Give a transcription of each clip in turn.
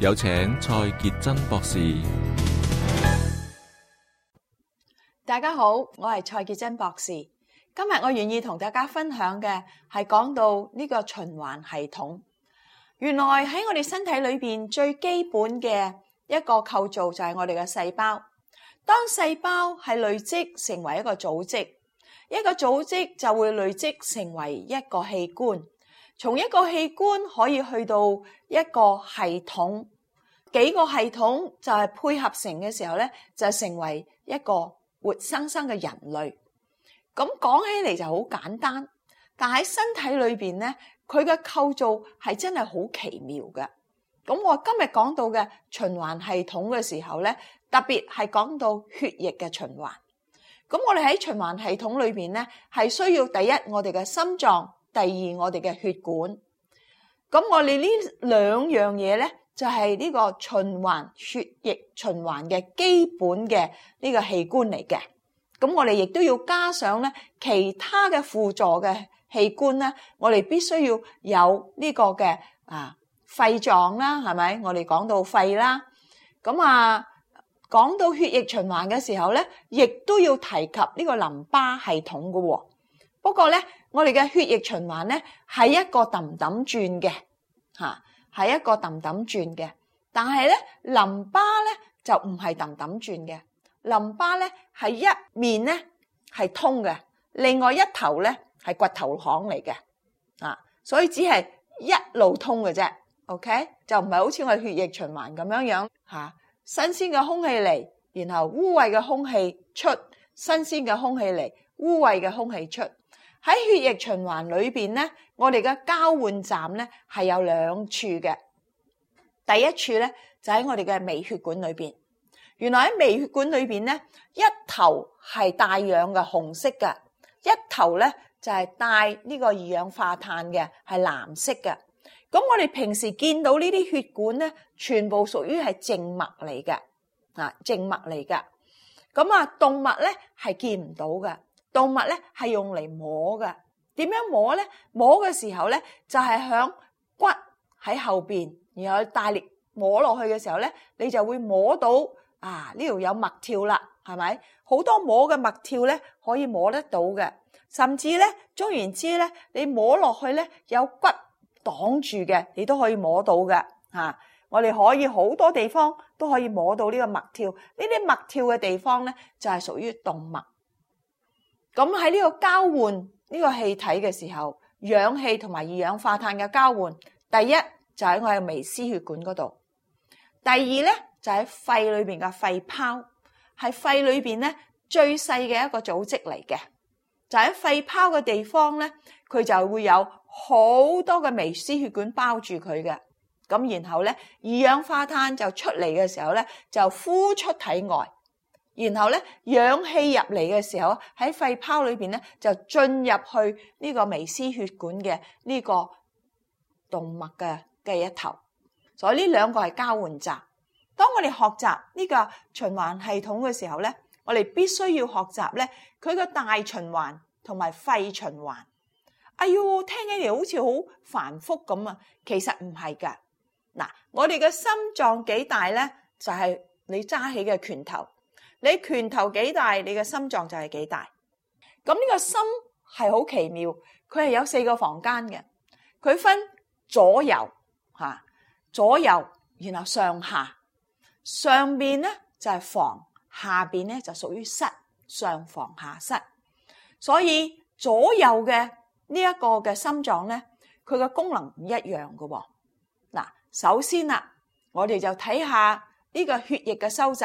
有請蔡潔珍博士。大家好，我係蔡潔珍博士。今日我願意同大家分享嘅係講到呢個循環系統。原來喺我哋身體裏邊最基本嘅一個構造就係我哋嘅細胞。當細胞係累積成為一個組織，一個組織就會累積成為一個器官。從一個器官可以去到一個系統。幾個系統就係配合成嘅時候咧，就成為一個活生生嘅人類。咁講起嚟就好簡單，但喺身體裏邊咧，佢嘅構造係真係好奇妙嘅。咁我今日講到嘅循環系統嘅時候咧，特別係講到血液嘅循環。咁我哋喺循環系統裏邊咧，係需要第一我哋嘅心臟，第二我哋嘅血管。咁我哋呢兩樣嘢咧，就係、是，呢個循環血液循環嘅基本嘅呢個器官嚟嘅。咁我哋亦都要加上咧其他嘅輔助嘅器官咧，我哋必須要有呢個嘅啊肺臟啦，係咪？我哋講到肺啦，咁啊講到血液循環嘅時候咧，亦都要提及呢個淋巴系統㗎。不過咧，我哋嘅血液循環咧係一個氹氹轉嘅，吓。係一個氹氹轉嘅，但係咧淋巴咧就唔係氹氹轉嘅，淋巴咧係一面咧係通嘅，另外一頭咧係掘頭巷嚟嘅，啊，所以只係一路通嘅啫，OK？就唔係好似我血液循環咁樣樣吓，新鮮嘅空氣嚟，然後污穢嘅空氣出，新鮮嘅空氣嚟，污穢嘅空氣出。喺血液循環裏邊咧，我哋嘅交換站咧係有兩處嘅。第一處咧就喺我哋嘅微血管裏邊。原來喺微血管裏邊咧，一頭係帶氧嘅紅色嘅，一頭咧就係帶呢個二氧化碳嘅係藍色嘅。咁我哋平時見到呢啲血管咧，全部屬於係靜脈嚟嘅啊，靜脈嚟嘅。咁啊，動脈咧係見唔到嘅。動物咧係用嚟摸嘅，點樣摸咧？摸嘅時候咧，就係響骨喺後邊，然後大力摸落去嘅時候咧，你就會摸到啊，呢度有脈跳啦，係咪？好多摸嘅脈跳咧，可以摸得到嘅。甚至咧，總而言之咧，你摸落去咧有骨擋住嘅，你都可以摸到嘅。吓，我哋可以好多地方都可以摸到呢個脈跳。呢啲脈跳嘅地方咧，就係屬於動脈。咁喺呢個交換呢個氣體嘅時候，氧氣同埋二氧化碳嘅交換，第一就喺我嘅微絲血管嗰度，第二咧就喺肺裏邊嘅肺泡，係肺裏邊咧最細嘅一個組織嚟嘅。就喺肺泡嘅地方咧，佢就會有好多嘅微絲血管包住佢嘅，咁然後咧二氧化碳就出嚟嘅時候咧，就呼出體外。然後咧，氧氣入嚟嘅時候喺肺泡裏邊咧，就進入去呢個微絲血管嘅呢個動脈嘅嘅一頭。所以呢兩個係交換站。當我哋學習呢個循環系統嘅時候咧，我哋必須要學習咧，佢個大循環同埋肺循環。哎喲，聽起嚟好似好繁複咁啊！其實唔係噶。嗱，我哋嘅心臟幾大咧，就係、是、你揸起嘅拳頭。你拳頭幾大，你嘅心臟就係幾大。咁呢個心係好奇妙，佢係有四個房間嘅。佢分左右吓，左右，然後上下。上邊咧就係、是、房，下邊咧就屬於室，上房下室。所以左右嘅、這個、呢一個嘅心臟咧，佢嘅功能唔一樣嘅。嗱，首先啦，我哋就睇下呢個血液嘅收集。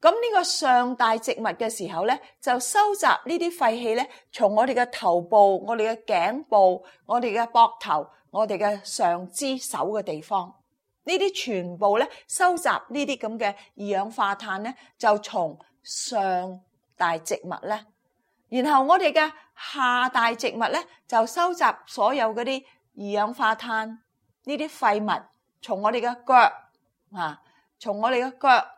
咁、這、呢個上大植物嘅時候咧，就收集呢啲廢氣咧，從我哋嘅頭部、我哋嘅頸部、我哋嘅膊頭、我哋嘅上肢手嘅地方，呢啲全部咧收集呢啲咁嘅二氧化碳咧，就從上大植物咧。然後我哋嘅下大植物咧，就收集所有嗰啲二氧化碳呢啲廢物從，從我哋嘅腳啊，從我哋嘅腳。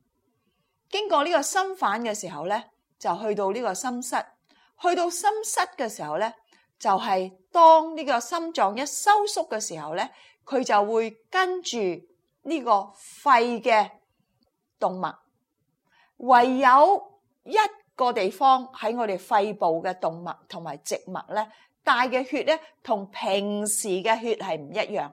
經過呢個心瓣嘅時候咧，就去到呢個心室。去到心室嘅時候咧，就係當呢個心臟一收縮嘅時候咧，佢就會跟住呢個肺嘅動脈。唯有一個地方喺我哋肺部嘅動脈同埋靜脈咧，帶嘅血咧同平時嘅血係唔一樣。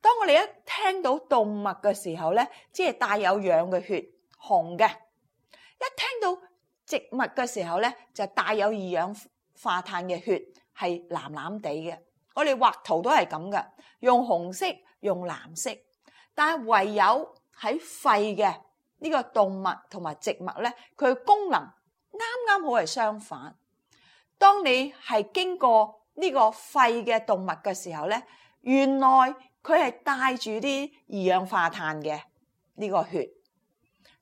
當我哋一聽到動脈嘅時候咧，即係帶有氧嘅血。紅嘅一聽到植物嘅時候咧，就帶有二氧化碳嘅血係藍藍地嘅。我哋畫圖都係咁嘅，用紅色，用藍色。但係唯有喺肺嘅呢個動物同埋植物咧，佢功能啱啱好係相反。當你係經過呢個肺嘅動物嘅時候咧，原來佢係帶住啲二氧化碳嘅呢個血。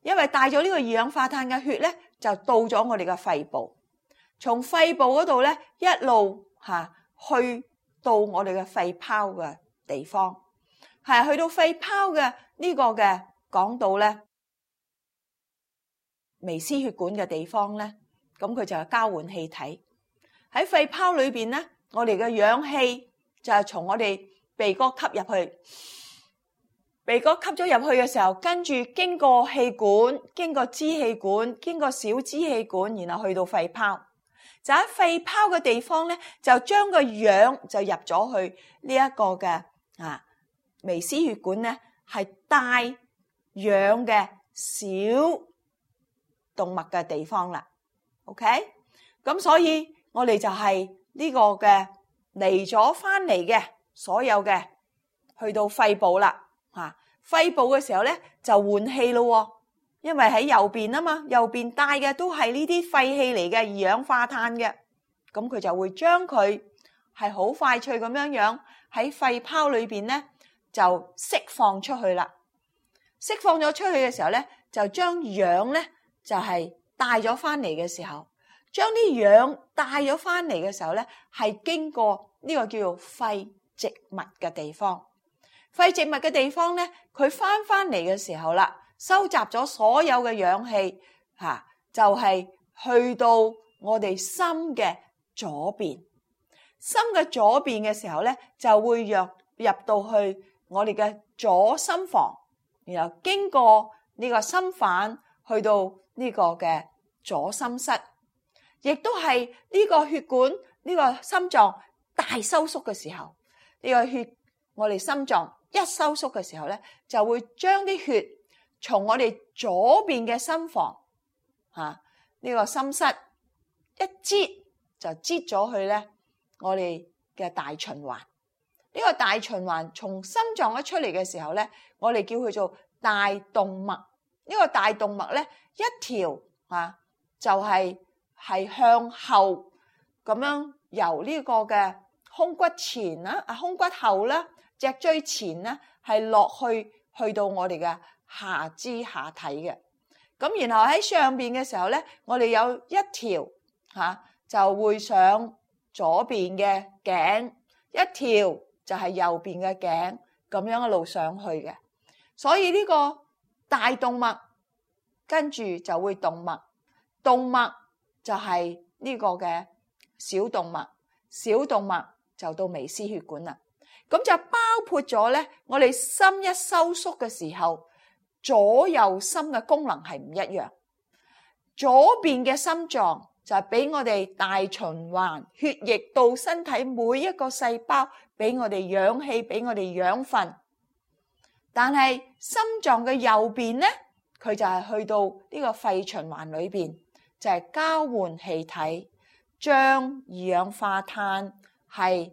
因為帶咗呢個二氧化碳嘅血咧，就到咗我哋嘅肺部，從肺部嗰度咧一路吓去到我哋嘅肺泡嘅地方，係去到肺泡嘅呢個嘅講到咧微絲血管嘅地方咧，咁佢就係交換氣體。喺肺泡裏邊咧，我哋嘅氧氣就係從我哋鼻哥吸入去。鼻哥吸咗入去嘅時候，跟住經過氣管，經過支氣管，經過小支氣管，然後去到肺泡。就喺肺泡嘅地方咧，就將個氧就入咗去呢一個嘅啊微絲血管咧，係帶氧嘅小動脈嘅地方啦。OK，咁所以我哋就係呢個嘅嚟咗翻嚟嘅所有嘅去到肺部啦。吓，肺部嘅時候咧就換氣咯，因為喺右邊啊嘛，右邊帶嘅都係呢啲廢氣嚟嘅二氧化碳嘅，咁佢就會將佢係好快脆咁樣樣喺肺泡裏邊咧就釋放出去啦。釋放咗出去嘅時候咧，就將氧咧就係帶咗翻嚟嘅時候，將啲氧帶咗翻嚟嘅時候咧係經過呢個叫做肺植物嘅地方。肺植物嘅地方咧，佢返返嚟嘅時候啦，收集咗所有嘅氧氣，吓就係去到我哋心嘅左邊，心嘅左邊嘅時候咧，就會入入到去我哋嘅左心房，然後經過呢個心瓣去到呢個嘅左心室，亦都係呢個血管呢個心臟大收縮嘅時候，呢個血我哋心臟。一收縮嘅時候咧，就會將啲血從我哋左邊嘅心房嚇呢個心室一擠就擠咗去咧，我哋嘅大循環。呢個大循環從心臟一出嚟嘅時候咧，我哋叫佢做大動脈。呢個大動脈咧，一條啊，就係係向後咁樣由呢個嘅胸骨前啦，啊胸骨後啦。脊椎前咧係落去，去到我哋嘅下肢下體嘅，咁然後喺上邊嘅時候咧，我哋有一條吓、啊、就會上左邊嘅頸，一條就係右邊嘅頸，咁樣一路上去嘅。所以呢個大動脈跟住就會動脈，動脈就係呢個嘅小動脈，小動脈就到微絲血管啦。咁就包括咗咧，我哋心一收縮嘅時候，左右心嘅功能係唔一樣。左邊嘅心臟就係俾我哋大循環血液到身體每一個細胞，俾我哋氧氣，俾我哋養分。但係心臟嘅右邊呢，佢就係去到呢個肺循環裏邊，就係交換氣體，將二氧化碳係，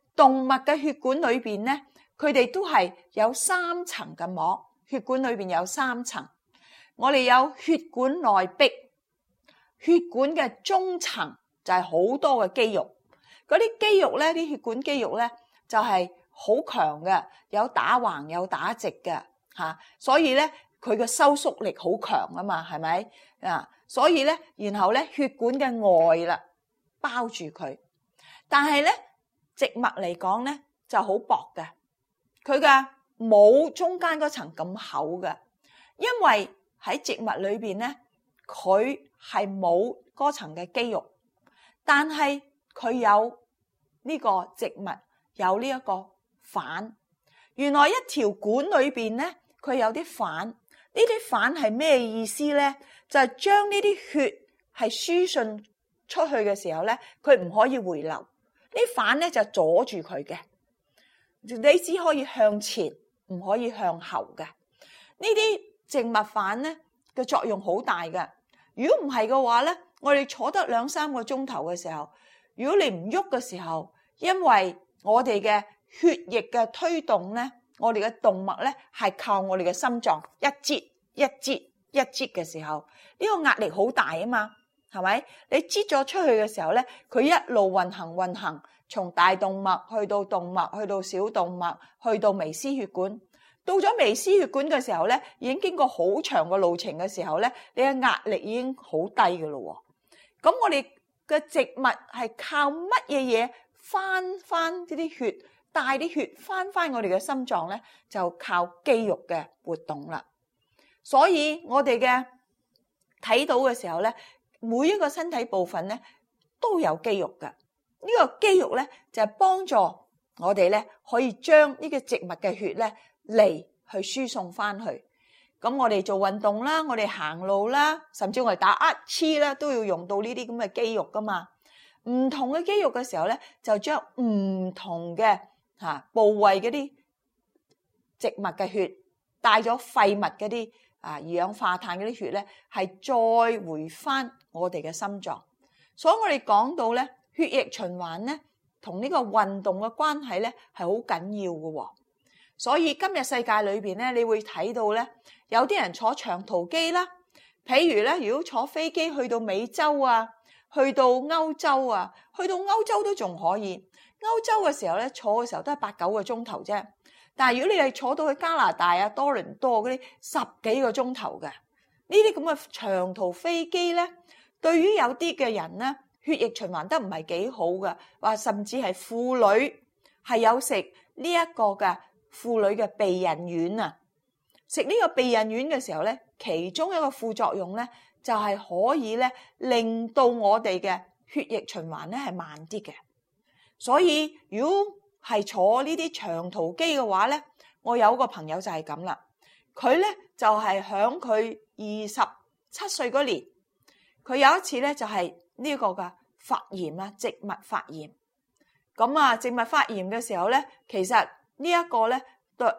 動物嘅血管裏邊咧，佢哋都係有三層嘅膜。血管裏邊有三層，我哋有血管內壁、血管嘅中層就係好多嘅肌肉。嗰啲肌肉咧，啲血管肌肉咧就係、是、好強嘅，有打橫有打直嘅吓，所以咧佢嘅收縮力好強啊嘛，係咪啊？所以咧、啊，然後咧，血管嘅外啦包住佢，但係咧。植物嚟講咧就好薄嘅，佢嘅冇中間嗰層咁厚嘅，因為喺植物裏邊咧，佢係冇嗰層嘅肌肉，但係佢有呢個植物有呢一個反，原來一條管裏邊咧，佢有啲反，呢啲反係咩意思咧？就係、是、將呢啲血係輸送出去嘅時候咧，佢唔可以回流。呢啲反咧就阻住佢嘅，你只可以向前，唔可以向後嘅。呢啲靜脈反咧嘅作用好大㗎。如果唔係嘅話咧，我哋坐得兩三個鐘頭嘅時候，如果你唔喐嘅時候，因為我哋嘅血液嘅推動咧，我哋嘅動脈咧係靠我哋嘅心臟一節一節一節嘅時候，呢個壓力好大啊嘛～係咪？你擠咗出去嘅時候咧，佢一路運行運行，從大動脈去到動脈，去到小動脈，去到微絲血管。到咗微絲血管嘅時候咧，已經經過好長嘅路程嘅時候咧，你嘅壓力已經好低嘅咯。咁我哋嘅植物係靠乜嘢嘢翻翻呢啲血帶啲血翻翻我哋嘅心臟咧？就靠肌肉嘅活動啦。所以我哋嘅睇到嘅時候咧。每一個身體部分咧都有肌肉㗎，呢、這個肌肉咧就係、是、幫助我哋咧可以將呢個植物嘅血咧嚟去輸送返去。咁我哋做運動啦，我哋行路啦，甚至我哋打乞嗤啦，都要用到呢啲咁嘅肌肉㗎嘛。唔同嘅肌肉嘅時候咧，就將唔同嘅吓、啊、部位嗰啲植物嘅血帶咗廢物嗰啲。啊，二氧化碳嗰啲血咧，係再回翻我哋嘅心臟。所以我哋講到咧，血液循環咧，同呢個運動嘅關係咧，係好緊要嘅哦。所以今日世界裏邊咧，你會睇到咧，有啲人坐長途機啦，譬如咧，如果坐飛機去到美洲啊，去到歐洲啊，去到歐洲都仲可以。歐洲嘅時候咧，坐嘅時候都係八九個鐘頭啫。但係如果你係坐到去加拿大啊，多倫多嗰啲十幾個鐘頭嘅呢啲咁嘅長途飛機咧，對於有啲嘅人咧，血液循環得唔係幾好嘅，話甚至係婦女係有食呢一個嘅婦女嘅避孕丸啊，食呢個避孕丸嘅時候咧，其中一個副作用咧就係、是、可以咧令到我哋嘅血液循環咧係慢啲嘅，所以如果係坐呢啲長途機嘅話咧，我有個朋友就係咁啦，佢咧就係響佢二十七歲嗰年，佢有一次咧就係呢個嘅發炎啊，植物發炎。咁啊，植物發炎嘅時候咧，其實呢一個咧，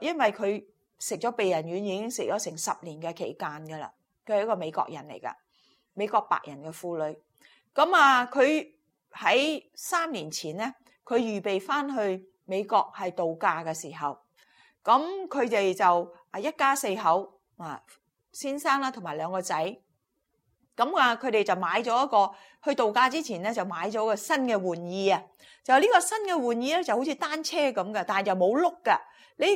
因為佢食咗避孕丸已經食咗成十年嘅期間噶啦，佢係一個美國人嚟噶，美國白人嘅婦女。咁啊，佢喺三年前咧，佢預備翻去。美國係度假嘅時候，咁佢哋就啊一家四口啊，先生啦，同埋兩個仔，咁啊佢哋就買咗一個去度假之前咧就買咗個新嘅玩意啊！就呢個新嘅玩意咧就好似單車咁嘅，但又冇碌嘅。你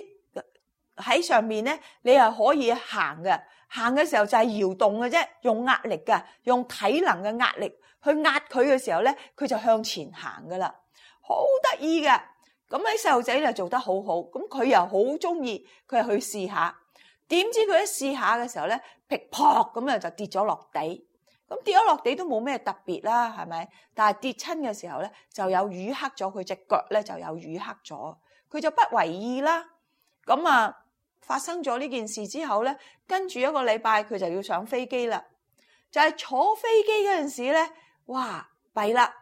喺上面咧，你係可以行嘅。行嘅時候就係搖動嘅啫，用壓力嘅，用體能嘅壓力去壓佢嘅時候咧，佢就向前行噶啦，好得意嘅。咁喺細路仔咧做得好好，咁佢又好中意，佢去試下。點知佢一試下嘅時候咧，噼撲咁啊就跌咗落地。咁跌咗落地都冇咩特別啦，係咪？但係跌親嘅時候咧，就有淤黑咗佢隻腳咧，腳就有淤黑咗。佢就不為意啦。咁啊，發生咗呢件事之後咧，跟住一個禮拜佢就要上飛機啦。就係、是、坐飛機嗰陣時咧，哇，弊啦，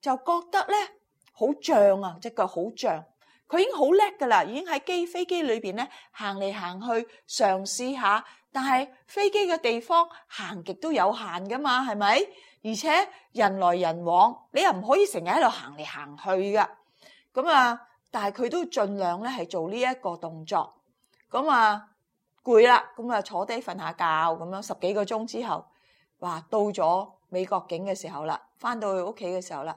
就覺得咧。好脹啊！隻腳好脹，佢已經好叻噶啦，已經喺機飛機裏邊咧行嚟行去嘗試下。但係飛機嘅地方行極都有限噶嘛，係咪？而且人來人往，你又唔可以成日喺度行嚟行去噶。咁啊，但係佢都儘量咧係做呢一個動作。咁啊攰啦，咁啊坐低瞓下覺咁樣十幾個鐘之後，哇！到咗美國境嘅時候啦，返到去屋企嘅時候啦。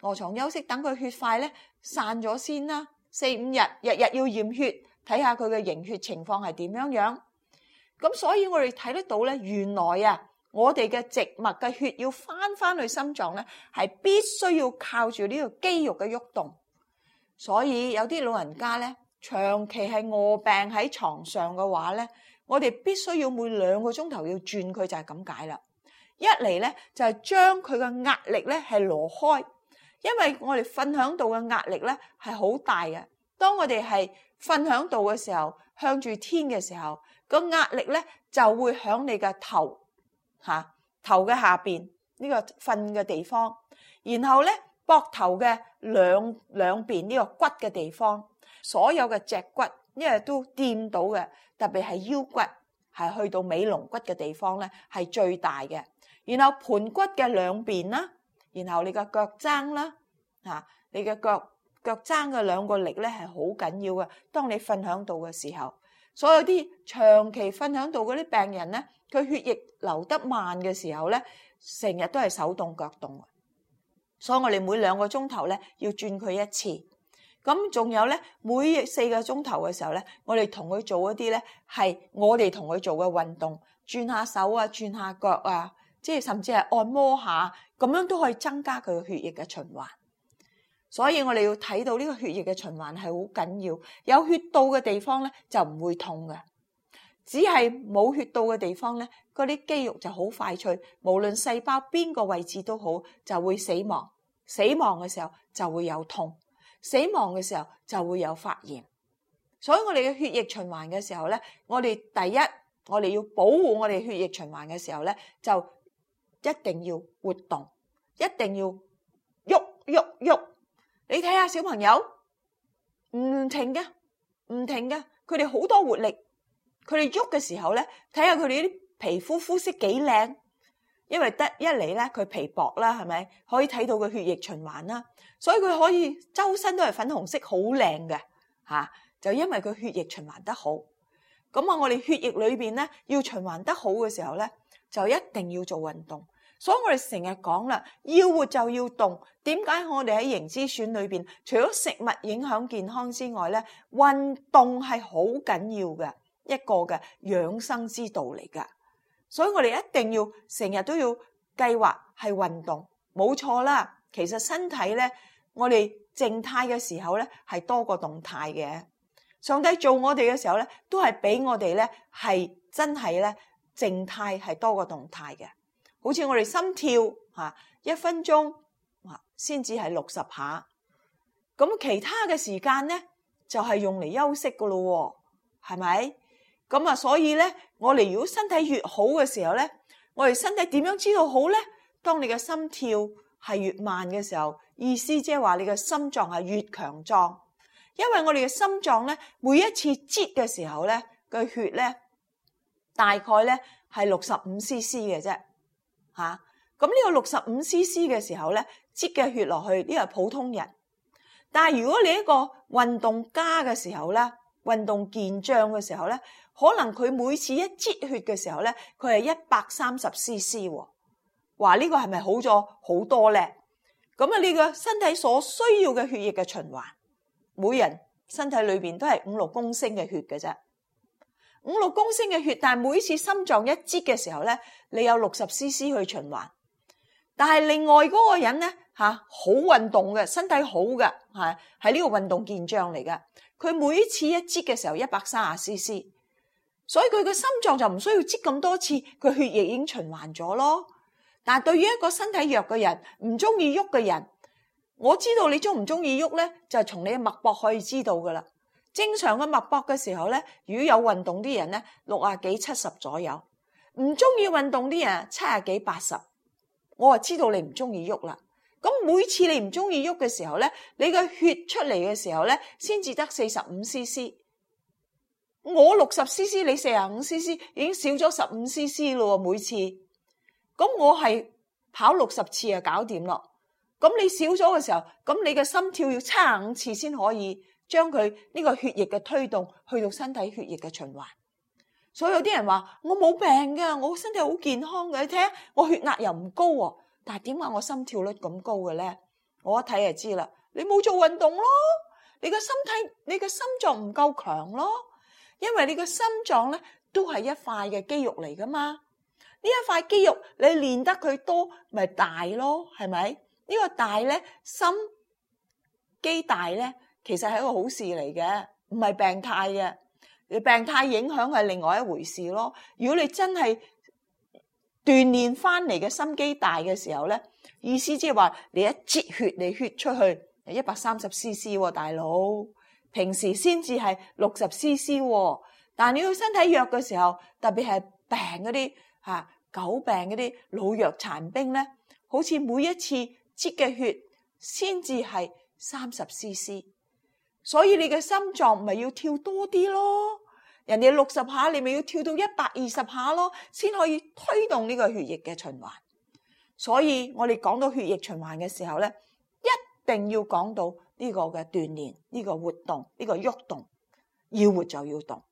臥床休息，等佢血塊咧散咗先啦。四五日，日日要驗血，睇下佢嘅凝血情況係點樣樣。咁所以我哋睇得到咧，原來啊，我哋嘅植物嘅血要翻翻去心臟咧，係必須要靠住呢個肌肉嘅喐動。所以有啲老人家咧，長期係臥病喺床上嘅話咧，我哋必須要每兩個鐘頭要轉佢，就係咁解啦。一嚟咧就係將佢嘅壓力咧係挪開。因為我哋瞓響度嘅壓力咧係好大嘅，當我哋係瞓響度嘅時候，向住天嘅時候，個壓力咧就會響你嘅頭吓、啊、頭嘅下邊呢、這個瞓嘅地方，然後咧膊頭嘅兩兩邊呢個骨嘅地方，所有嘅脊骨因為都掂到嘅，特別係腰骨係去到尾龍骨嘅地方咧係最大嘅，然後盤骨嘅兩邊啦。然後你嘅腳踭啦，吓，你嘅腳腳踭嘅兩個力咧係好緊要嘅。當你瞓響度嘅時候，所有啲長期瞓響度嗰啲病人咧，佢血液流得慢嘅時候咧，成日都係手凍腳凍。所以我哋每兩個鐘頭咧要轉佢一次。咁仲有咧，每四個鐘頭嘅時候咧，我哋同佢做一啲咧係我哋同佢做嘅運動，轉下手啊，轉下腳啊。即係甚至係按摩下，咁樣都可以增加佢嘅血液嘅循環。所以我哋要睇到呢個血液嘅循環係好緊要。有血到嘅地方咧，就唔會痛嘅；只係冇血到嘅地方咧，嗰啲肌肉就好快脆。無論細胞邊個位置都好，就會死亡。死亡嘅時候就會有痛，死亡嘅時候就會有發炎。所以我哋嘅血液循環嘅時候咧，我哋第一，我哋要保護我哋血液循環嘅時候咧，就。一定要活動，一定要喐喐喐。你睇下小朋友唔停嘅，唔停嘅，佢哋好多活力。佢哋喐嘅時候咧，睇下佢哋啲皮膚膚色幾靚。因為得一嚟咧，佢皮薄啦，係咪可以睇到佢血液循環啦，所以佢可以周身都係粉紅色，好靚嘅吓。就因為佢血液循環得好。咁啊，我哋血液裏邊咧要循環得好嘅時候咧，就一定要做運動。所以我哋成日講啦，要活就要動。點解我哋喺營資選裏邊，除咗食物影響健康之外咧，運動係好緊要嘅一個嘅養生之道嚟噶。所以我哋一定要成日都要計劃係運動，冇錯啦。其實身體咧，我哋靜態嘅時候咧係多過動態嘅。上帝做我哋嘅時候咧，都係俾我哋咧係真係咧靜態係多過動態嘅。好似我哋心跳，吓一分鐘，哇，先至係六十下。咁其他嘅時間咧，就係用嚟休息噶咯。係咪咁啊？所以咧，我哋如果身體越好嘅時候咧，我哋身體點樣知道好咧？當你嘅心跳係越慢嘅時候，意思即係話你嘅心臟係越強壯。因為我哋嘅心臟咧，每一次擠嘅時候咧，嘅血咧，大概咧係六十五 cc 嘅啫。嚇、啊，咁呢個六十五 c.c. 嘅時候咧，擠嘅血落去呢個普通人。但係如果你一個運動家嘅時候咧，運動健將嘅時候咧，可能佢每次一擠血嘅時候咧，佢係一百三十 c.c. 話呢個係咪好咗好多咧？咁啊呢個身體所需要嘅血液嘅循環，每人身體裏面都係五六公升嘅血嘅啫。五六公升嘅血，但係每次心臟一擠嘅時候咧，你有六十 CC 去循環。但係另外嗰個人咧，吓好運動嘅，身體好嘅，係喺呢個運動健將嚟噶。佢每次一擠嘅時候一百三十 CC，所以佢嘅心臟就唔需要擠咁多次，佢血液已經循環咗咯。但係對於一個身體弱嘅人，唔中意喐嘅人，我知道你中唔中意喐咧，就係從你嘅脈搏可以知道噶啦。正常嘅脈搏嘅時候咧，如果有運動啲人咧，六啊幾七十左右；唔中意運動啲人，七啊幾八十。我就知道你唔中意喐啦。咁每次你唔中意喐嘅時候咧，你個血出嚟嘅時候咧，先至得四十五 c c。我六十 c c，你四啊五 c c，已經少咗十五 c c 咯。每次，咁我係跑六十次啊，搞掂咯。咁你少咗嘅時候，咁你嘅心跳要七啊五次先可以。將佢呢個血液嘅推動去到身體血液嘅循環，所以有啲人話我冇病㗎，我身體好健康嘅。你睇，我血壓又唔高，但係點解我心跳率咁高嘅咧？我一睇就知啦。你冇做運動咯，你個心體、你個心臟唔夠強咯，因為你個心臟咧都係一塊嘅肌肉嚟噶嘛。呢一塊肌肉你練得佢多，咪、就是、大咯，係咪？呢、呢個大咧心肌大咧。其實係一個好事嚟嘅，唔係病態嘅。病態影響係另外一回事咯。如果你真係鍛鍊翻嚟嘅心機大嘅時候咧，意思即係話你一擠血，你血出去一百三十 c c，大佬，平時先至係六十 c c，但你要身體弱嘅時候，特別係病嗰啲嚇久病嗰啲老弱殘兵咧，好似每一次擠嘅血先至係三十 c c。所以你嘅心臟咪要跳多啲咯，人哋六十下，你咪要跳到一百二十下咯，先可以推動呢個血液嘅循環。所以我哋講到血液循環嘅時候咧，一定要講到呢個嘅鍛煉、呢個活動、呢個喐動，要活就要動。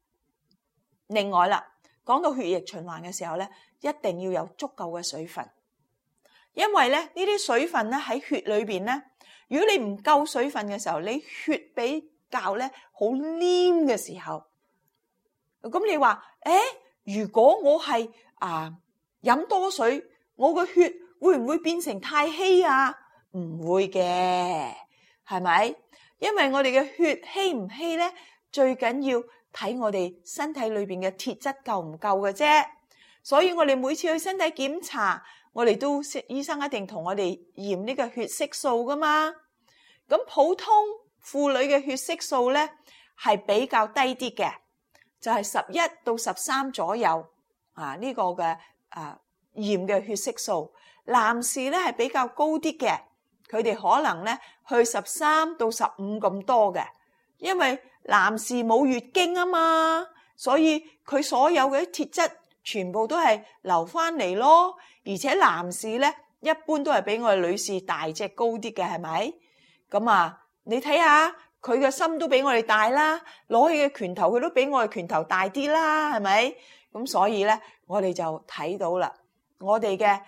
另外啦，講到血液循環嘅時候咧，一定要有足夠嘅水分，因為咧呢啲水分咧喺血裏邊咧。如果你唔夠水分嘅時候，你血比較咧好黏嘅時候，咁你話，誒，如果我係啊飲多水，我個血會唔會變成太稀啊？唔會嘅，係咪？因為我哋嘅血稀唔稀咧，最緊要睇我哋身體裏邊嘅鐵質夠唔夠嘅啫。所以我哋每次去身體檢查。我哋都，醫生一定同我哋驗呢個血色素噶嘛。咁普通婦女嘅血色素咧係比較低啲嘅，就係十一到十三左右。啊，呢個嘅啊驗嘅血色素，男士咧係比較高啲嘅，佢哋可能咧去十三到十五咁多嘅，因為男士冇月經啊嘛，所以佢所有嘅鐵質。全部都係留翻嚟咯，而且男士咧一般都係比我哋女士大隻高啲嘅，係咪？咁啊，你睇下佢嘅心都比我哋大啦，攞起嘅拳頭佢都比我哋拳頭大啲啦，係咪？咁所以咧，我哋就睇到啦，我哋嘅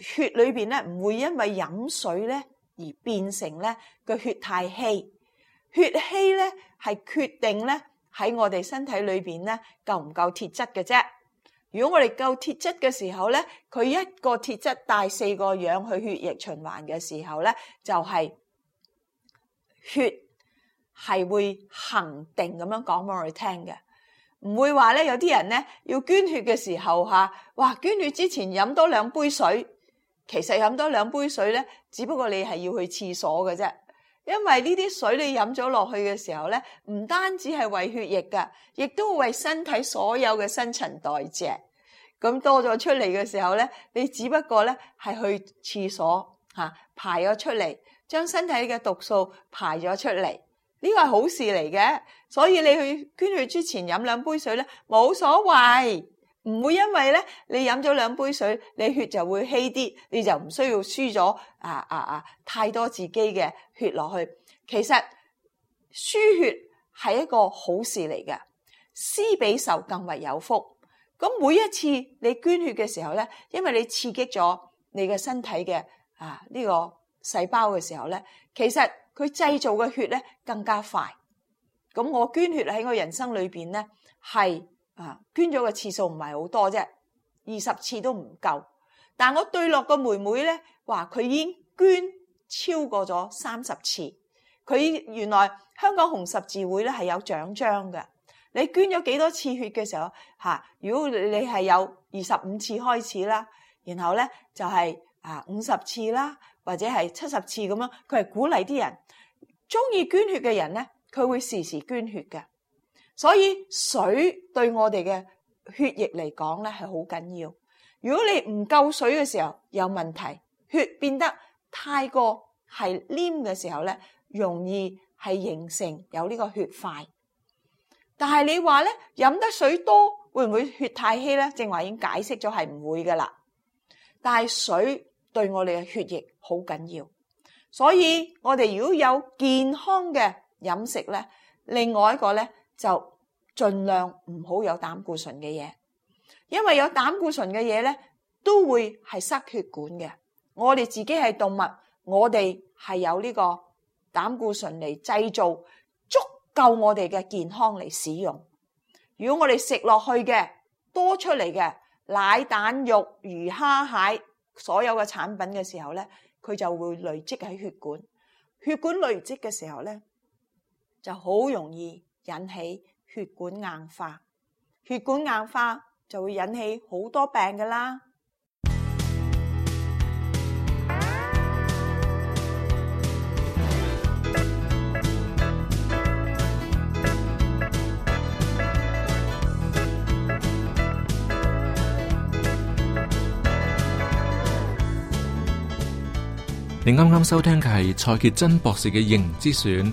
血裏邊咧唔會因為飲水咧而變成咧個血太稀，血稀咧係決定咧喺我哋身體裏邊咧夠唔夠鐵質嘅啫。如果我哋夠鐵質嘅時候咧，佢一個鐵質帶四個氧去血液循環嘅時候咧，就係血係會恒定咁樣講俾我哋聽嘅，唔會話咧有啲人咧要捐血嘅時候嚇，哇！捐血之前飲多兩杯水，其實飲多兩杯水咧，只不過你係要去廁所嘅啫。因為呢啲水你飲咗落去嘅時候咧，唔單止係為血液噶，亦都會為身體所有嘅新陳代謝。咁多咗出嚟嘅時候咧，你只不過咧係去廁所吓排咗出嚟，將身體嘅毒素排咗出嚟，呢個係好事嚟嘅。所以你去捐血之前飲兩杯水咧，冇所謂。唔會因為咧，你飲咗兩杯水，你血就會稀啲，你就唔需要輸咗啊啊啊太多自己嘅血落去。其實輸血係一個好事嚟嘅，施比受更為有福。咁每一次你捐血嘅時候咧，因為你刺激咗你嘅身體嘅啊呢個細胞嘅時候咧，其實佢製造嘅血咧更加快。咁我捐血喺我人生裏邊咧係。捐咗嘅次數唔係好多啫，二十次都唔夠。但我對落個妹妹呢話佢已經捐超過咗三十次。佢原來香港紅十字會呢係有獎章嘅。你捐咗幾多次血嘅時候吓？如果你係有二十五次開始啦，然後呢就係啊五十次啦，或者係七十次咁樣，佢係鼓勵啲人中意捐血嘅人呢，佢會時時捐血嘅。所以水對我哋嘅血液嚟講咧，係好緊要。如果你唔夠水嘅時候有問題，血變得太過係黏嘅時候咧，容易係形成有呢個血塊。但係你話咧，飲得水多會唔會血太稀咧？正話已經解釋咗係唔會㗎喇。但係水對我哋嘅血液好緊要，所以我哋如果有健康嘅飲食咧，另外一個咧。就盡量唔好有膽固醇嘅嘢，因為有膽固醇嘅嘢咧，都會係塞血管嘅。我哋自己係動物，我哋係有呢個膽固醇嚟製造足夠我哋嘅健康嚟使用。如果我哋食落去嘅多出嚟嘅奶蛋肉魚蝦蟹所有嘅產品嘅時候咧，佢就會累積喺血管。血管累積嘅時候咧，就好容易。引起血管硬化，血管硬化就會引起好多病噶啦。你啱啱收聽嘅係蔡潔真博士嘅《形之選》。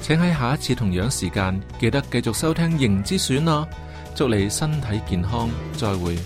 請喺下一次同樣時間，記得繼續收聽《型之選》啦！祝你身體健康，再會。